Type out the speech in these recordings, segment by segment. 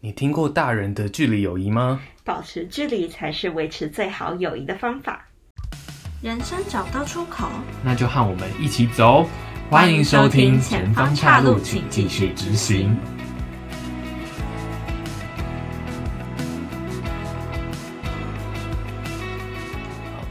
你聽過大人的距離友誼嗎？保持距離才是維持最好友誼的方法。人生找不到出口，那就和我們一起走。歡迎收聽，前方岔路，請繼續直行。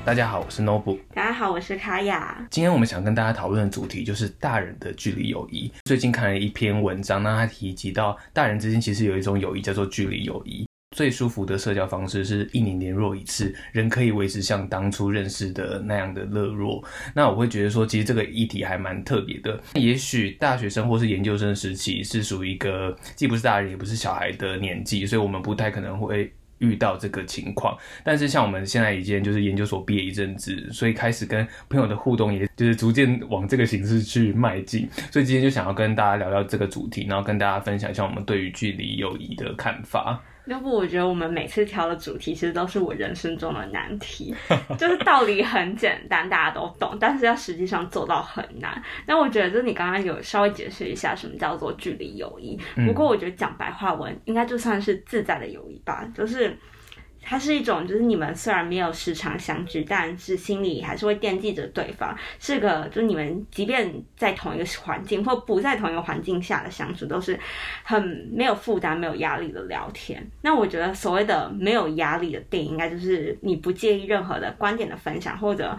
大家好，我是 Nobu。大家好，我是卡雅。今天我們想跟大家討論的主題就是大人的距離友誼。最近看了一篇文章，那他提及到大人之間其實有一種友誼叫做距離友誼。最舒服的社交方式是一年聯絡一次，人可以維持像當初認識的那樣的熱絡。那我會覺得說，其實這個議題還蠻特別的。也許大學生或是研究生時期是屬於一個既不是大人也不是小孩的年紀，所以我們不太可能會遇到這個情況，但是像我們現在已經就是研究所畢業一陣子，所以開始跟朋友的互動也就是逐漸往這個形式去邁進，所以今天就想要跟大家聊聊這個主題，然後跟大家分享一下我們對於距離友誼的看法。要不我覺得我們每次挑的主題其實都是我人生中的難題， 就是道理很簡單，大家都懂，但是要實際上做到很難。那我覺得就是你剛剛有稍微解釋一下什麼叫做距離友誼，不過我覺得講白話文應該就算是自在的友誼吧，就是。它是一種，就是你們雖然沒有時常相聚，但是心裡還是會惦記着對方。是個就是你們即便在同一個環境或不在同一個環境下的相處，都是很沒有負擔、沒有壓力的聊天。那我覺得所謂的沒有壓力的定義，應該就是你不介意任何的觀點的分享，或者。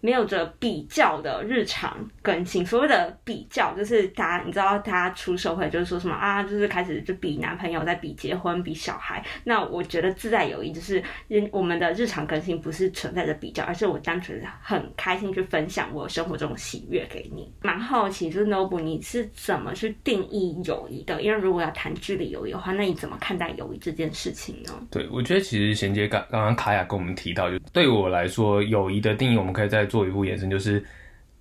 沒有着比較的日常更新。所謂的比較，就是他，你知道他出社會就是說什麼啊，就是開始就比男朋友，再比結婚，比小孩。那我覺得自在友誼，就是我們的日常更新不是存在着比較，而是我單純很開心去分享我生活中的喜悅給你。蠻好奇，就是 Nobu，你是怎麼去定義友誼的？因為如果要談距離友誼的話，那你怎麼看待友誼這件事情呢？對，我覺得其實銜接剛剛剛卡雅跟我們提到，就對我來說，友誼的定義，我們可以在。做一步延伸，就是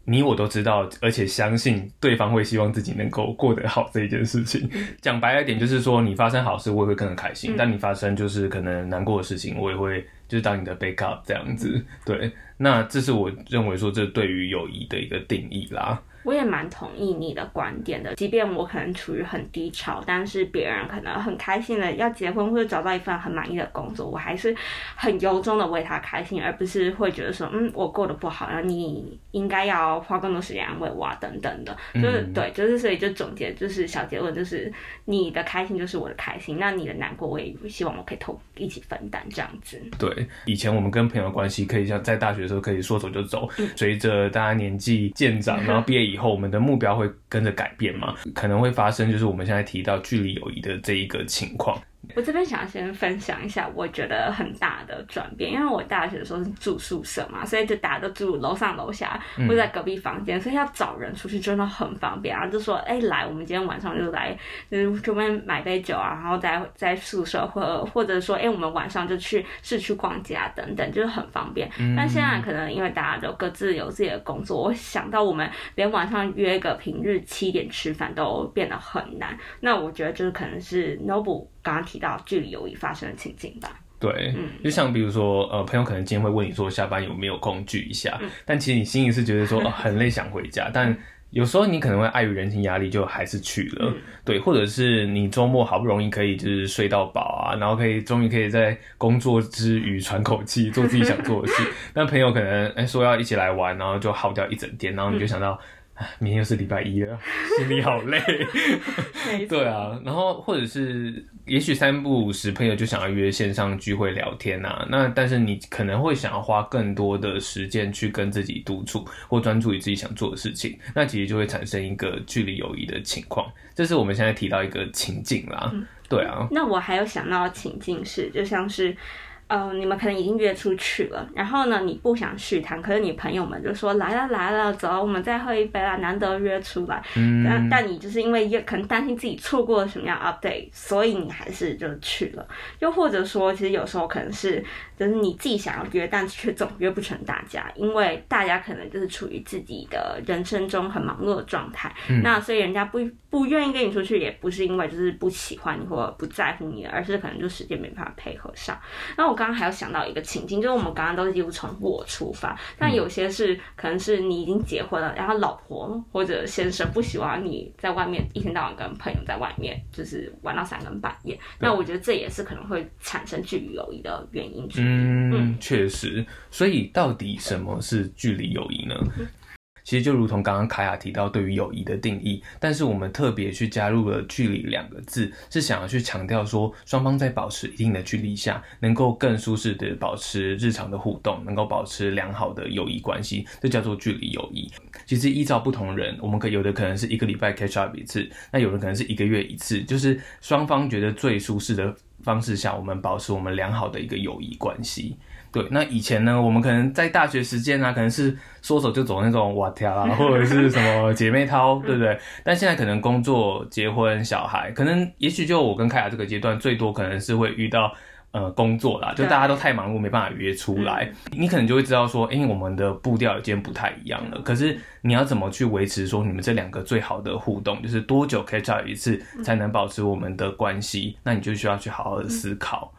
你我都知道，而且相信對方會希望自己能夠過得好這一件事情。講白一點，就是說你發生好事，我也會更開心；但你發生就是可能難過的事情，我也會就是當你的 backup 這樣子。對，那這是我認為說，這對於友誼的一個定義啦。我也蠻同意你的觀點的，即便我可能處於很低潮，但是別人可能很開心的要結婚或者找到一份很滿意的工作，我還是很由衷的為他開心，而不是會覺得說，嗯，我過得不好，然後你應該要花更多時間安慰我、啊、等等的。就是對，就是所以就總結就是小結論就是你的開心就是我的開心，那你的難過我也希望我可以同一起分擔這樣子。對，以前我們跟朋友關係可以像在大學的時候可以說走就走，隨着大家年紀漸長，然後畢業以後 以後我們的目標會跟着改變嗎？可能會發生，就是我們現在提到距離友誼的這一個情況。我這邊想先分享一下，我覺得很大的轉變，因為我大學的時候是住宿舍嘛，所以就大家都住樓上樓下，或者在隔壁房間，所以要找人出去真的很方便啊。然後就說，哎、欸，來，我們今天晚上就來，嗯，準備買杯酒啊，然後在在宿舍或或者說，哎、欸，我們晚上就去市區逛街啊，等等，就是很方便。嗯、但現在可能因為大家都各自有自己的工作，我想到我們連晚上約個平日七點吃飯都變得很難。那我覺得就是可能是 Noble 剛剛提。到距離友誼，發生的情境吧。對，就像比如說，呃，朋友可能今天會問你說下班有沒有空聚一下，嗯、但其實你心裡是覺得說、呃、很累，想回家。 但有時候你可能會礙於人情壓力，就還是去了。嗯、對，或者是你周末好不容易可以就是睡到飽啊，然後可以終於可以在工作之餘喘口氣，做自己想做的事。 但朋友可能哎、欸、說要一起來玩，然後就耗掉一整天，然後你就想到。嗯明天又是禮拜一了，心裡好累。 對啊，然後或者是，也許三不五時朋友就想要約線上聚會聊天啊。那但是你可能會想要花更多的時間去跟自己獨處或專注於自己想做的事情，那其實就會產生一個距離友誼的情況。這是我們現在提到一個情境啦。對啊，嗯、那我還有想到的情境是，就像是。呃，你們可能已經約出去了，然後呢，你不想續攤，可是你朋友們就說來了來了，走，我們再喝一杯啦，難得約出來。嗯，但但你就是因為約可能擔心自己錯過了什麼樣 update，所以你還是就去了。又或者說，其實有時候可能是就是你自己想要約，但是卻總約不成大家，因為大家可能就是處於自己的人生中很忙碌的狀態，嗯，那所以人家不不願意跟你出去，也不是因為就是不喜歡你或不在乎你，而是可能就時間沒辦法配合上。那我。剛剛還有想到一個情境，就是我們剛剛都幾乎從我出發，但有些是可能是你已經結婚了，然後老婆或者先生不喜歡你在外面一天到晚跟朋友在外面，就是玩到三更半夜。對那我覺得這也是可能會產生距離友誼的原因之一，嗯，嗯，確實。所以到底什麼是距離友誼呢？其實就如同剛剛卡雅提到，對於友誼的定義，但是我們特別去加入了“距離”兩個字，是想要去強調說，雙方在保持一定的距離下，能夠更舒適的保持日常的互動，能夠保持良好的友誼關係，這叫做距離友誼。其實依照不同人，我們可有的可能是一個禮拜 catch up 一次，那有的可能是一個月一次，就是雙方覺得最舒適的方式下，我們保持我們良好的一個友誼關係。對，那以前呢，我們可能在大學時間啊，可能是說走就走那種哇，跳啊，或者是什麼姐妹淘，對不對？但現在可能工作、結婚、小孩，可能也許就我跟凱雅這個階段，最多可能是會遇到呃工作啦，就大家都太忙碌，沒辦法約出來。對你可能就會知道說，哎，我們的步調已經不太一樣了。可是你要怎麼去維持說你們這兩個最好的互動，就是多久 catch up 一次才能保持我們的關係？那你就需要去好好的思考。嗯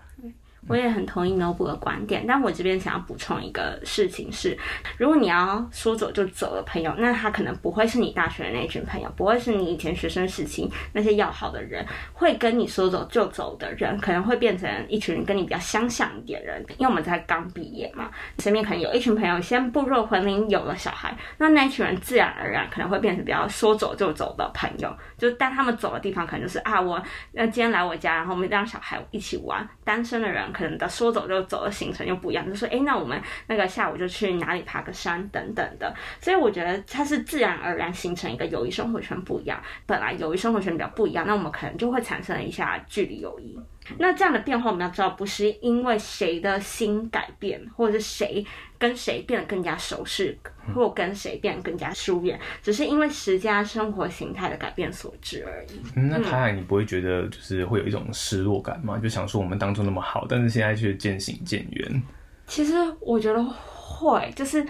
我也很同意 Noble 的觀點，但我這邊想要補充一個事情是，如果你要說走就走的朋友，那他可能不會是你大學的那群朋友，不會是你以前學生時期那些要好的人，會跟你說走就走的人，可能會變成一群人跟你比較相像一點人，因為我們才剛畢業嘛，身邊可能有一群朋友先步入婚姻，有了小孩，那那一群人自然而然可能會變成比較說走就走的朋友，就帶他們走的地方可能就是啊，我那今天來我家，然後我們讓小孩一起玩，單身的人。可能的說走就走的行程又不一樣，就說哎，那我們那個下午就去哪裡爬個山等等的，所以我覺得它是自然而然形成一個友誼生活圈不一樣。本來友誼生活圈比較不一樣，那我們可能就會產生了一下距離友誼。那這樣的變化，我們要知道，不是因為誰的心改變，或者是誰跟誰變得更加熟悉，或跟誰變得更加疏遠，只是因為時間、生活形態的改變所致而已。嗯、那凱凱，你不會覺得就是會有一種失落感嗎？嗯、就想說我們當初那麼好，但是現在卻漸行漸遠。其實我覺得會，就是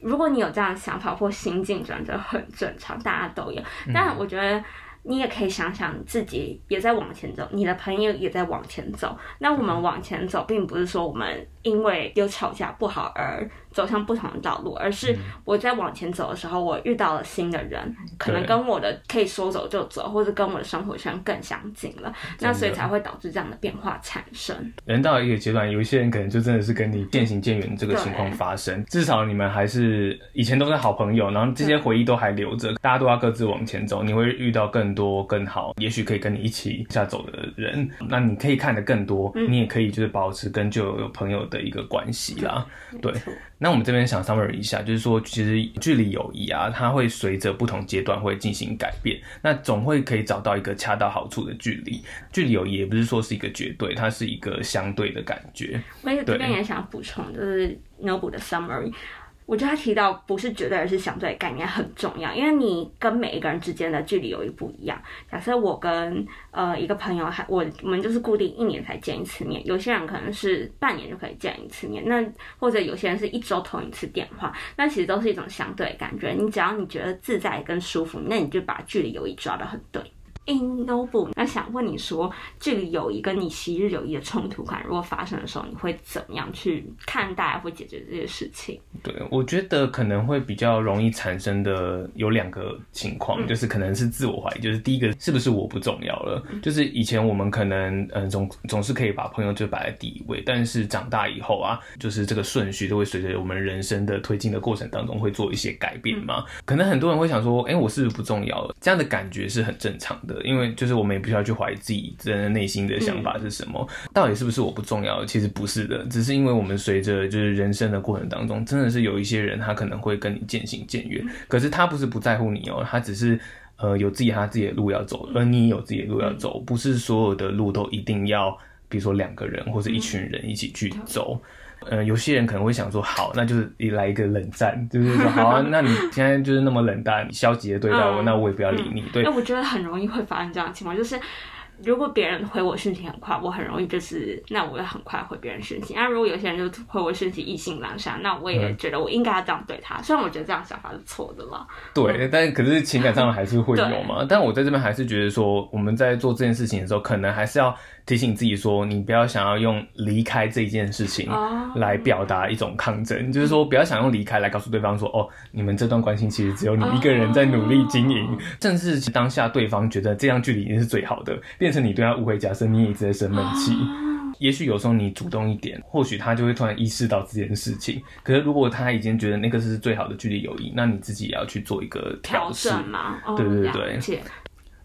如果你有這樣的想法或心境轉折，很正常，大家都有。嗯、但我覺得。你也可以想想，自己也在往前走，你的朋友也在往前走。那我們往前走，並不是說我們因為有吵架不好而走向不同的道路，而是我在往前走的時候，我遇到了新的人，可能跟我的可以說走就走，或者跟我的生活圈更相近了，那所以才會導致這樣的變化產生。人到一個階段，有一些人可能就真的是跟你漸行漸遠，這個情況發生。至少你們還是以前都是好朋友，然後這些回憶都還留着，大家都要各自往前走。你會遇到更多更好，也許可以跟你一起往下走的人，那你可以看得更多，你也可以就是保持跟舊有朋友。的一個關係啦，錯對。那我們這邊想 summary 一下，就是說，其實距離友誼啊，它會隨着不同階段會進行改變，那總會可以找到一個恰到好處的距離。距離友誼也不是說是一個絕對，它是一個相對的感覺。沒錯對我有，這邊也想補充，就是 Noble 的 summary。我覺得他提到不是絕對，而是相對的概念很重要，因為你跟每一個人之間的距離友誼不一樣。假設我跟呃一個朋友，還我我們就是固定一年才見一次面，有些人可能是半年就可以見一次面，那或者有些人是一週通一次電話，那其實都是一種相對的感覺。你只要你覺得自在跟舒服，那你就把距離友誼抓得很對。in no b o o 那想問你說，距離友誼跟你昔日友誼的衝突感，如果發生的時候，你會怎麼樣去看待或解決這些事情？對，我覺得可能會比較容易產生的有兩個情況，嗯、就是可能是自我懷疑，就是第一個是不是我不重要了？嗯、就是以前我們可能嗯總總是可以把朋友就擺在第一位，但是長大以後啊，就是這個順序都會隨着我們人生的推進的過程當中會做一些改變嘛，嗯、可能很多人會想說，哎、欸，我是不是不重要了，這樣的感覺是很正常的。因為就是我們也不需要去懷疑自己真的內心的想法是什麼，到底是不是我不重要。其實不是的，只是因為我們隨着就是人生的過程當中，真的是有一些人他可能會跟你漸行漸遠，可是他不是不在乎你哦、喔，他只是呃有自己他自己的路要走，而你也有自己的路要走，不是所有的路都一定要，比如說兩個人或者一群人一起去走。呃，有些、嗯、人可能會想說，好，那就是來一個冷戰，就是說，好啊，那你現在就是那麼冷淡、你消極的對待我，嗯、那我也不要理你。嗯、對，那我覺得很容易會發生這樣的情況，就是如果別人回我訊息很快，我很容易就是，那我也很快回別人訊息。而、啊、如果有些人就回我訊息意興闌珊，那我也覺得我應該要這樣對他，嗯、雖然我覺得這樣想法是錯的了，對，嗯、但可是情感上還是會有嘛。對但我在這邊還是覺得說，我們在做這件事情的時候，可能還是要。提醒你自己說，你不要想要用離開這件事情來表達一種抗爭，oh. 就是說不要想用離開來告訴對方說，mm. 哦，你們這段關係其實只有你一個人在努力經營，正是、oh. 當下對方覺得這樣距離已經是最好的，變成你對他誤會假設，你一直在生悶氣。Oh. 也許有時候你主動一點，或許他就會突然意識到這件事情。可是如果他已經覺得那個是最好的距離友誼，那你自己也要去做一個調整嘛，oh, 對對對。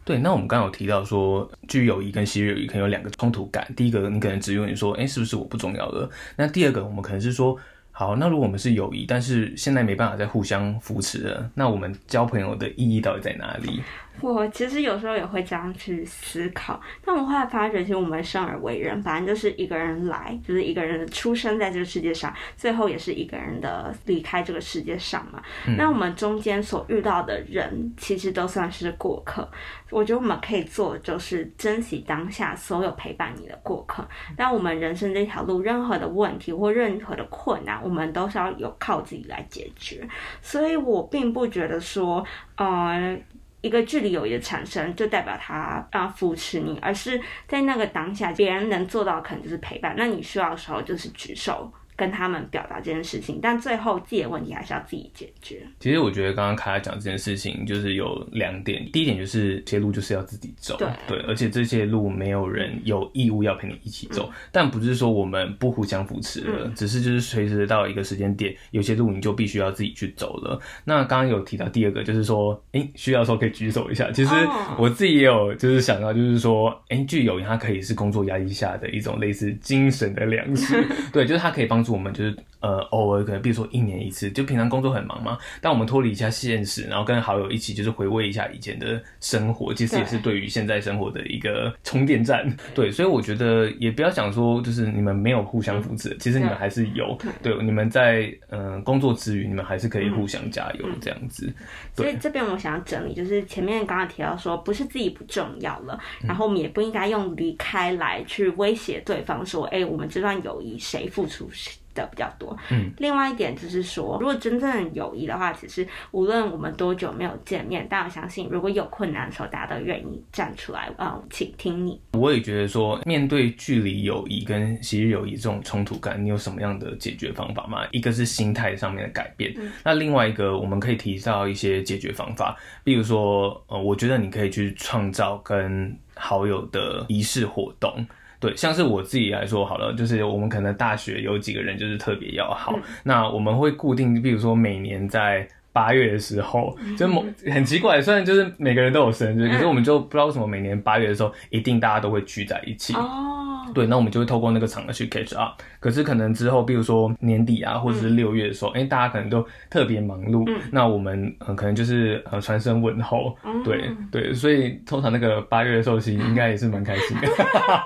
對，那我們剛剛有提到說，距離友誼跟昔日友誼可能有兩個衝突感。第一個，你可能只有你說，哎，是不是我不重要了？那第二個，我們可能是說，好，那如果我們是友誼，但是現在沒辦法再互相扶持了，那我們交朋友的意義到底在哪裡？我其實有時候也會這樣去思考，但我後來發覺，其實我們生而為人，反正就是一個人來，就是一個人出生在這個世界上，最後也是一個人的離開這個世界上嘛。那我們中間所遇到的人，其實都算是過客。我覺得我們可以做，就是珍惜當下所有陪伴你的過客。但我們人生這條路，任何的問題或任何的困難，我們都是要有靠自己來解決。所以我並不覺得說，呃。一個距離友誼的產生，就代表他要扶持你，而是在那個當下，別人能做到可能就是陪伴，那你需要的時候就是舉手。跟他們表達這件事情，但最後自己的問題還是要自己解決。其實我覺得剛剛凱拉講這件事情，就是有兩點。第一點就是，這些路就是要自己走，對，對，而且這些路沒有人有義務要陪你一起走。嗯、但不是說我們不互相扶持了，嗯、只是就是隨時到一個時間點，有些路你就必須要自己去走了。那剛剛有提到第二個，就是說，哎、欸，需要的時候可以舉手一下。其實我自己也有就是想到，就是說，哎、哦，距友人，它可以是工作壓力下的一種類似精神的糧食， 對，就是它可以幫。是我們就是。呃，偶爾可能，比如說一年一次，就平常工作很忙嘛，但我們脫離一下現實，然後跟好友一起，就是回味一下以前的生活，其實也是對於現在生活的一個充電站。對，對，所以我覺得也不要想說，就是你們沒有互相扶持，嗯、其實你們還是有。對，對，你們在嗯、呃、工作之餘，你們還是可以互相加油這樣子。嗯嗯、對所以這邊我想要整理，就是前面剛剛提到說，不是自己不重要了，然後我們也不應該用離開來去威脅對方，說，哎、欸，我們這段友誼誰付出？誰。的比較多。嗯，另外一點就是說，如果真正友誼的話，其實無論我們多久沒有見面，但我相信如果有困難的時候，大家都願意站出來啊，嗯、傾聽你。我也覺得說，面對距離友誼跟昔日友誼這種衝突感，你有什麼樣的解決方法嗎？一個是心態上面的改變，嗯、那另外一個我們可以提到一些解決方法，比如說，呃，我覺得你可以去創造跟好友的儀式活動。對，像是我自己來說，好了，就是我們可能大學有幾個人就是特別要好，嗯、那我們會固定，比如說每年在。八月的時候，就某很奇怪，雖然就是每個人都有生日，可是、嗯、我們就不知道為什麼每年八月的時候，一定大家都會聚在一起。哦，對，那我們就會透過那個場合去 catch up。可是可能之後，比如說年底啊，或者是六月的時候，哎，大家可能都特別忙碌，嗯，那我們很可能就是呃傳聲問候，嗯、對對，所以通常那個八月的時候其實應該也是蠻開心的，哈哈哈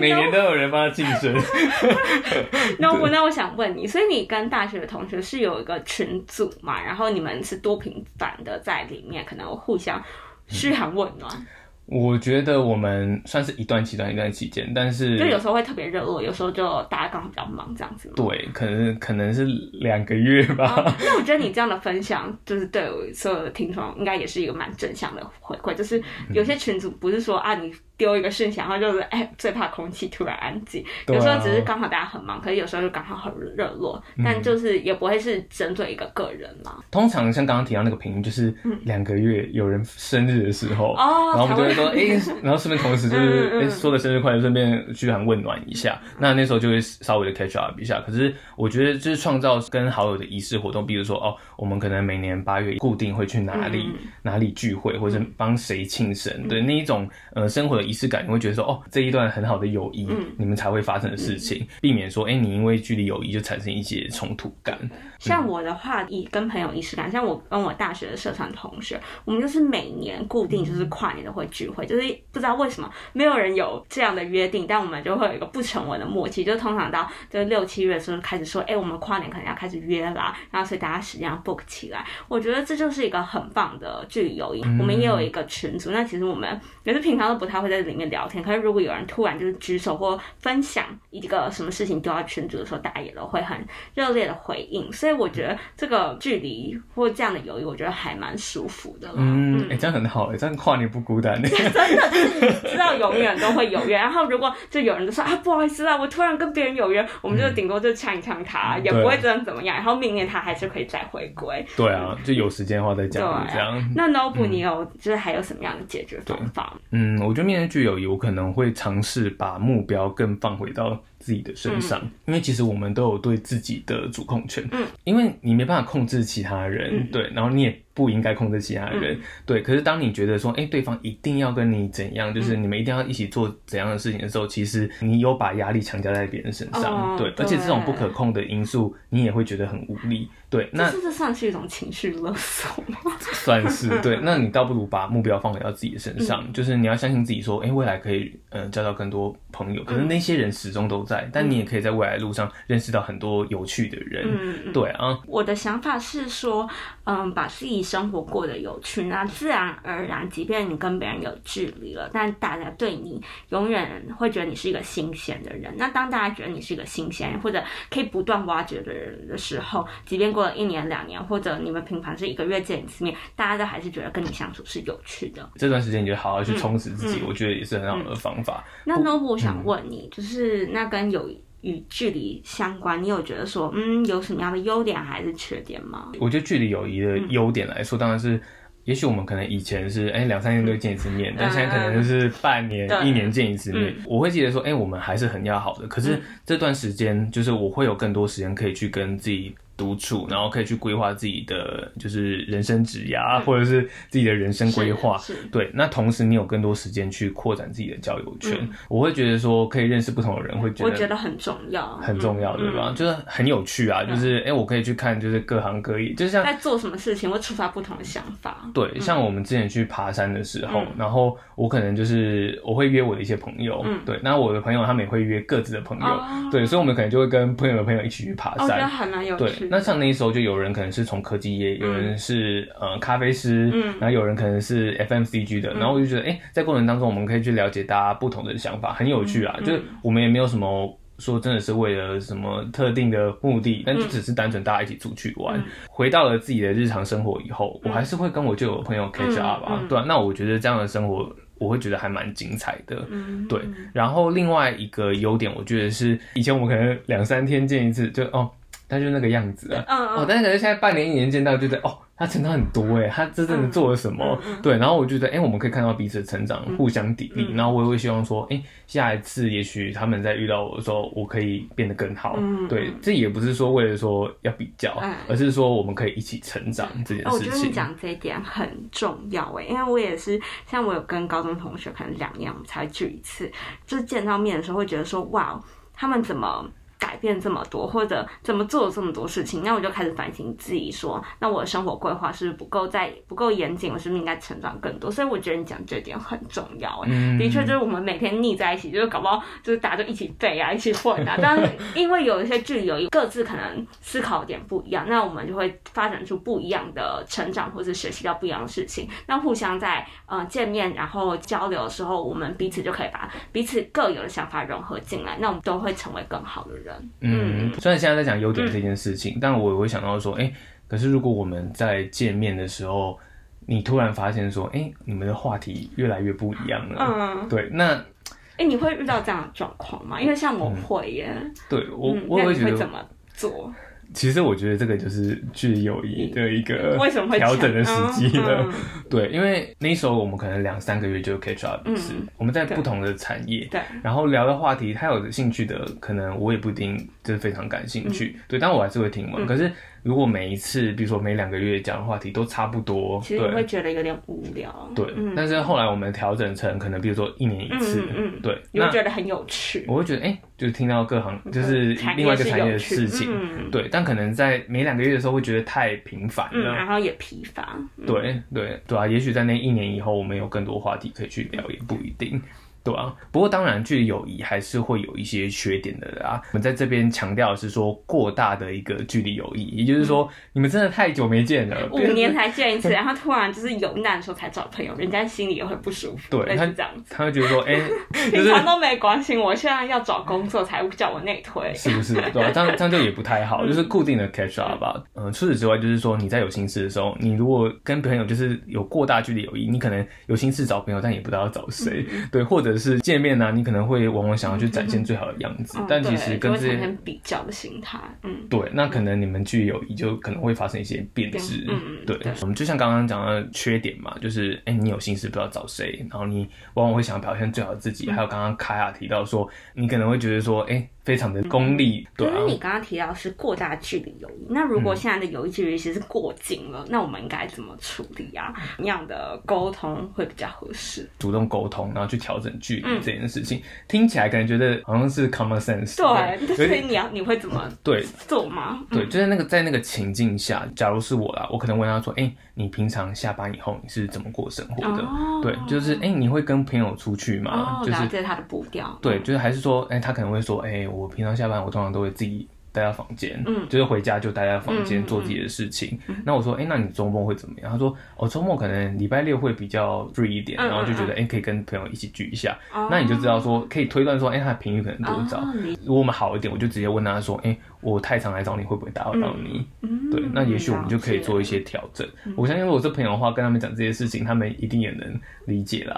每年都有人幫他慶生，哎，那我 對那我想問你，所以你跟大學的同學是有一個群組嘛？然後。你們是多頻繁的在裡面，可能互相噓寒問暖、嗯。我覺得我們算是一段期間，一段期間，但是就有時候會特別熱絡，有時候就大家剛好比較忙這樣子。對，可能可能是兩個月吧、嗯。那我覺得你這樣的分享，就是對我所有的聽眾應該也是一個蠻正向的回饋。就是有些群組不是說、嗯、啊你。丟一個事情，然後就是哎，最怕空氣突然安靜。有時候只是剛好大家很忙，可是有時候就剛好很熱絡。但就是也不會是整整一個個人嘛。通常像剛剛提到那個頻率就是兩個月有人生日的時候，然後我們就會說哎，然後順便同時就是哎，說了生日快樂，順便噓寒問暖一下。那那時候就會稍微的 catch up 一下。可是我覺得就是創造跟好友的儀式活動，比如說哦，我們可能每年八月固定會去哪裡哪裡聚會，或者幫誰慶生。對，那一種呃生活的。儀式感，你會覺得說哦，這一段很好的友誼，嗯、你們才會發生的事情，嗯、避免說，哎、欸，你因為距離友誼就產生一些衝突感。嗯、像我的話，以跟朋友儀式感，像我跟我大學的社團同學，我們就是每年固定就是跨年都會聚會，嗯、就是不知道為什麼沒有人有這樣的約定，但我們就會有一個不成文的默契，就是、通常到就是六七月的時候開始說，哎、欸，我們跨年可能要開始約啦、啊，然後所以大家時間要 book 起來。我覺得這就是一個很棒的距離友誼，嗯、我們也有一個群組，那其實我們也是平常都不太會在。在裡面聊天，可是如果有人突然就是舉手或分享一個什麼事情丟到群組的時候，大家也都會很熱烈的回應，所以我覺得這個距離或這樣的友誼，我覺得還蠻舒服的。嗯，哎、嗯欸，這樣很好哎、欸，這樣跨年不孤單，欸。 真的就是你知道永遠都會有約。然後如果就有人就說啊不好意思啊，我突然跟別人有約，我們就頂多就嗆一嗆他，嗯、也不會真的怎麼樣。然後明年他還是可以再回歸。對啊，就有時間的話再講對，啊。樣。那 Noob 你有，嗯、就是還有什麼樣的解決方法？嗯，我覺得明年。具有有可能會嘗試把目標更放回到。自己的身上，嗯、因為其實我們都有對自己的主控權。嗯，因為你沒辦法控制其他人，嗯、對，然後你也不應該控制其他人，嗯、對。可是當你覺得說，哎、欸，對方一定要跟你怎樣，就是你們一定要一起做怎樣的事情的時候，嗯、其實你有把壓力強加在別人身上，哦、對。對而且這種不可控的因素，你也會覺得很無力，對。那這算是一種情緒勒索嗎？ 算是，對。那你倒不如把目標放回到自己的身上，嗯、就是你要相信自己，說，哎、欸，未來可以呃交到更多朋友。可、就是那些人始終都在。但你也可以在未來路上認識到很多有趣的人。嗯、對啊，我的想法是說，嗯，把自己生活過得有趣，那自然而然，即便你跟別人有距離了，但大家對你永遠會覺得你是一個新鮮的人。那當大家覺得你是一個新鮮人或者可以不斷挖掘的人的時候，即便過了一年兩年，或者你們平常是一個月見一次面，大家都還是覺得跟你相處是有趣的。這段時間你就好好去充實自己，嗯嗯、我覺得也是很好的方法。嗯、那 Novo 我想問你，嗯、就是那個。跟友誼與距離相關，你有覺得說，嗯，有什麼樣的優點還是缺點嗎？我覺得距離友誼的優點來說，嗯、當然是，也許我們可能以前是，哎、欸，兩三年都會見一次面，嗯、但現在可能就是半年、嗯、一年見一次面。嗯、我會記得說，哎、欸，我們還是很要好的，可是這段時間，就是我會有更多時間可以去跟自己。獨處，然後可以去規劃自己的就是人生職涯，或者是自己的人生規劃。對，那同時你有更多時間去擴展自己的交友圈，我會覺得說可以認識不同的人，會覺得很重要，很重要，對吧？就是很有趣啊，就是哎，我可以去看就是各行各業，就像在做什麼事情會觸發不同的想法。對，像我們之前去爬山的時候，然後我可能就是我會約我的一些朋友，對，那我的朋友他們也會約各自的朋友，對，所以我們可能就會跟朋友的朋友一起去爬山，很蠻有趣。那像那時候，就有人可能是從科技業，嗯、有人是呃咖啡師，嗯、然後有人可能是 FMCG 的，嗯、然後我就覺得，哎、欸，在過程當中，我們可以去了解大家不同的想法，很有趣啊。嗯嗯、就是我們也沒有什麼說真的是為了什麼特定的目的，但就只是單純大家一起出去玩。嗯、回到了自己的日常生活以後，我還是會跟我舊朋友 catch up 吧、啊。嗯嗯、對、啊，那我覺得這樣的生活，我會覺得還蠻精彩的。嗯嗯、對，然後另外一個優點，我覺得是以前我們可能兩三天見一次就，就哦。他就那個樣子啊，嗯、哦，但是可是現在半年、一年見到，覺得、嗯、哦，他成長很多誒，嗯、他真正的做了什麼？嗯嗯、對，然後我覺得，誒、欸，我們可以看到彼此的成長，嗯、互相砥礪。嗯、然後我也會希望說，誒、欸，下一次也許他們再遇到我的時候，我可以變得更好。嗯、對，這也不是說為了說要比較，嗯、而是說我們可以一起成長這件事情。嗯嗯嗯、我覺得你講這一點很重要誒，因為我也是，像我有跟高中同學，可能兩年我們才聚一次，就是見到面的時候會覺得說，哇，他們怎麼改變這麼多，或者怎麼做了這麼多事情，那我就開始反省自己說，說，那我的生活規劃是不是不夠在不夠嚴謹？我是不是應該成長更多？所以我覺得你講這點很重要欸，嗯，的確就是我們每天膩在一起，就是搞不好就是大家一起背啊，一起混啊。但是因為有一些距離，有各自可能思考點不一樣，那我們就會發展出不一樣的成長，或是學習到不一樣的事情。那互相在呃見面然後交流的時候，我們彼此就可以把彼此各有的想法融合進來，那我們都會成為更好的人。嗯，雖然現在在講優點這件事情，嗯、但我也會想到說，哎、欸，可是如果我們在見面的時候，你突然發現說，哎、欸，你們的話題越來越不一樣了，嗯，對，那，哎、欸，你會遇到這樣的狀況嗎？嗯、因為像我會耶，對我，嗯、你會怎麼做？其實我覺得這個就是距離友誼的一個調整的時機了，啊，嗯、對，因為那時候我們可能兩三個月就 catch up 是我們在不同的產業，對對然後聊的話題，他有興趣的，可能我也不一定就是非常感興趣，嗯、對，但我還是會聽嘛，可是如果每一次，比如說每兩個月講的話題都差不多，其實我會覺得有點無聊。對，嗯、但是後來我們調整成可能，比如說一年一次，嗯嗯嗯對，你會、嗯、那覺得很有趣。我會覺得，哎、欸，就是聽到各行，就是另外一個產業的事情，嗯、對。但可能在每兩個月的時候，會覺得太頻繁了、嗯，然後也疲乏。嗯、對對對啊，也許在那一年以後，我們有更多話題可以去聊，也不一定。對啊，不過當然距離友誼還是會有一些缺點的啦。我們在這邊強調是說過大的一個距離友誼，也就是說、嗯、你們真的太久沒見了，五年才見一次， 然後突然就是有難的時候才找朋友，人家心裡也會不舒服。對，他就這樣子他，他會覺得說，哎、欸，就是、平常都沒關心我，現在要找工作才叫我內推， 是不是？對啊，這樣這樣就也不太好，就是固定的 catch up 吧。嗯，除此之外，就是說你在有心事的時候，你如果跟朋友就是有過大距離友誼，你可能有心事找朋友，但也不知道要找誰。嗯、對，或者。只是見面呢，你可能會往往想要去展現最好的樣子，但其實跟之前比較的心態，嗯，對，那可能你們距離友誼就可能會發生一些變質，嗯嗯，對，我們就像剛剛講的缺點嘛，就是哎，你有心事不知道找誰，然後你往往會想表現最好的自己，還有剛剛卡亞提到說，你可能會覺得說，哎，非常的功利，對。因為你剛剛提到是過大距離友誼，那如果現在的友誼距離其實是過近了，那我們應該怎麼處理啊？怎樣的溝通會比較合適？主動溝通，然後去調整。去這件事情、嗯、聽起來，感覺覺得好像是 common sense。對，有點，所以你要你會怎麼對做嗎？對，嗯、對，就是在那個在那個情境下，假如是我啦，我可能問他說：“哎、欸，你平常下班以後你是怎麼過生活的？”哦、對，就是哎、欸，你會跟朋友出去嗎？哦、就是這是他的步調。對，就是還是說哎、欸，他可能會說：“哎、欸，我平常下班，我通常都會自己。”待在房間，嗯，就是回家就待在房間做自己的事情。嗯嗯、那我說，哎、欸，那你周末會怎麼樣？他說，哦，周末可能禮拜六會比較 free 一點，然後就覺得，哎、嗯嗯嗯欸，可以跟朋友一起聚一下。嗯嗯，那你就知道說，可以推斷說，哎、欸，他的頻率可能多少？嗯嗯，如果我們好一點，我就直接問他說，哎、欸。我太常來找你會不會打擾到你？對，那也許我們就可以做一些調整。我相信，如果是朋友的話跟他們講這些事情，他們一定也能理解啦，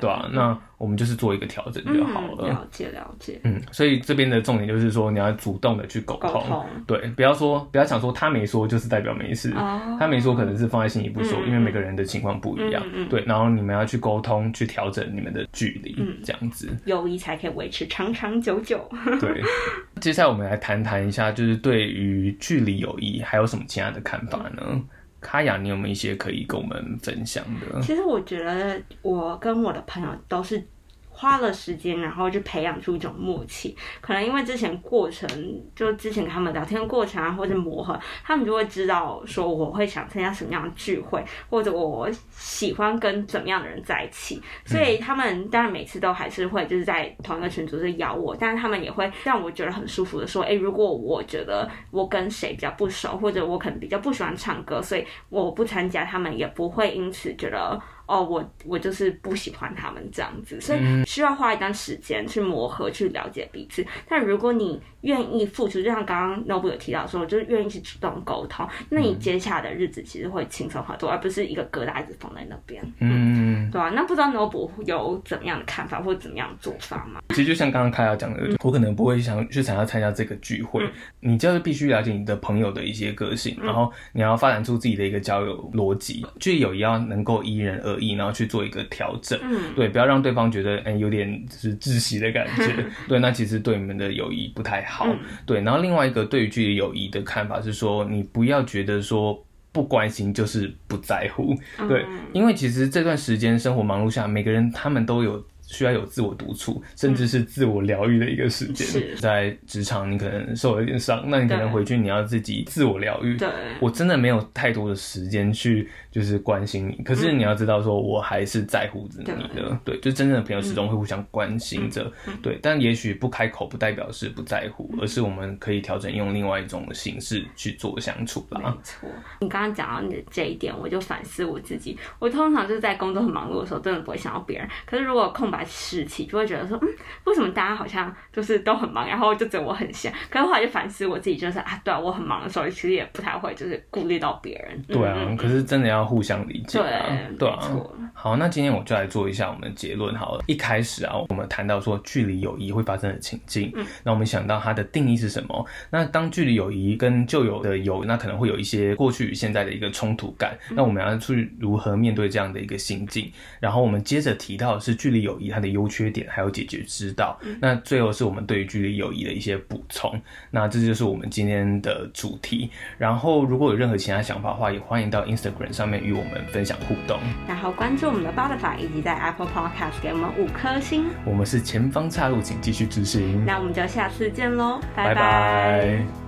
對吧？那我們就是做一個調整就好了。了解，了解。嗯，所以這邊的重點就是說，你要主動的去溝通，溝通。對，不要說，不要想說他沒說就是代表沒事，他沒說可能是放在心裡不說，因為每個人的情況不一樣。對，然後你們要去溝通，去調整你們的距離，這樣子，友誼才可以維持長長久久。對。接下來我們來談談一下，就是對於距離友誼還有什麼其他的看法呢？嗯、卡雅，你有沒有一些可以跟我們分享的？其實我覺得，我跟我的朋友都是。花了時間，然後就培養出一種默契。可能因為之前過程，就之前跟他們聊天過程啊，或者磨合，他們就會知道說我會想參加什麼樣的聚會，或者我喜歡跟怎麼樣的人在一起。所以他們當然每次都還是會就是在同一個群組就邀我，但是他們也會讓我覺得很舒服的說，欸，如果我覺得我跟誰比較不熟，或者我可能比較不喜歡唱歌，所以我不參加，他們也不會因此覺得。哦，oh，我我就是不喜歡他們這樣子，所以需要花一段時間去磨合、去了解彼此。但如果你願意付出，就像剛剛 Nobu 有提到說，就是願意去主動溝通，那你接下來的日子其實會輕鬆很多，而不是一個疙瘩一直放在那邊。 嗯。對啊，那不知道 Nobo 有怎麼樣的看法或者怎麼樣做法嗎？其實就像剛剛 Kayla 講的，我可能不會想去想要參加這個聚會。嗯、你就是必須了解你的朋友的一些個性，嗯、然後你要發展出自己的一個交友邏輯。就、嗯、友誼要能夠因人而異，然後去做一個調整。嗯、對，不要讓對方覺得嗯、欸、有點就是窒息的感覺。嗯、對，那其實對你們的友誼不太好。嗯、對，然後另外一個對於距離友誼的看法是說，你不要覺得說。不關心就是不在乎，嗯、對，因為其實這段時間生活忙碌下，每個人他們都有。需要有自我獨處，甚至是自我療癒的一個時間。嗯、是，在職場你可能受了一點傷，那你可能回去你要自己自我療癒。對，我真的沒有太多的時間去就是關心你，可是你要知道說我還是在乎着你的。嗯、對，就真正的朋友始終會互相關心着。嗯、對，但也許不開口不代表是不在乎，而是我們可以調整用另外一種形式去做相處啦。沒錯，你剛剛講到你的這一點，我就反思我自己，我通常就是在工作很忙碌的時候，真的不會想到別人。可是如果空白。事情就會覺得說，嗯，為什麼大家好像就是都很忙，然後就覺得我很閒。可是後來就反思我自己，就是啊，對啊，我很忙的時候，其實也不太會就是顧慮到別人。對啊，嗯，可是真的要互相理解啊。對，對啊。沒錯。好，那今天我就來做一下我們的結論好了。一開始啊，我們談到說距離友誼會發生的情境，嗯，那我們想到它的定義是什麼？那當距離友誼跟舊友的友誼，那可能會有一些過去與現在的一個衝突感。那我們要去如何面對這樣的一個心境？然後我們接着提到的是距離友誼。它的優缺點，還有解決之道。嗯、那最後是我們對於距離友誼的一些補充。那這就是我們今天的主題。然後，如果有任何其他想法的話，也歡迎到 Instagram 上面與我們分享互動。然後關注我們的 Botify 以及在 Apple Podcast 給我們五顆星。我們是前方岔路，請繼續直行。那我們就下次見嘍，拜拜 bye。Bye bye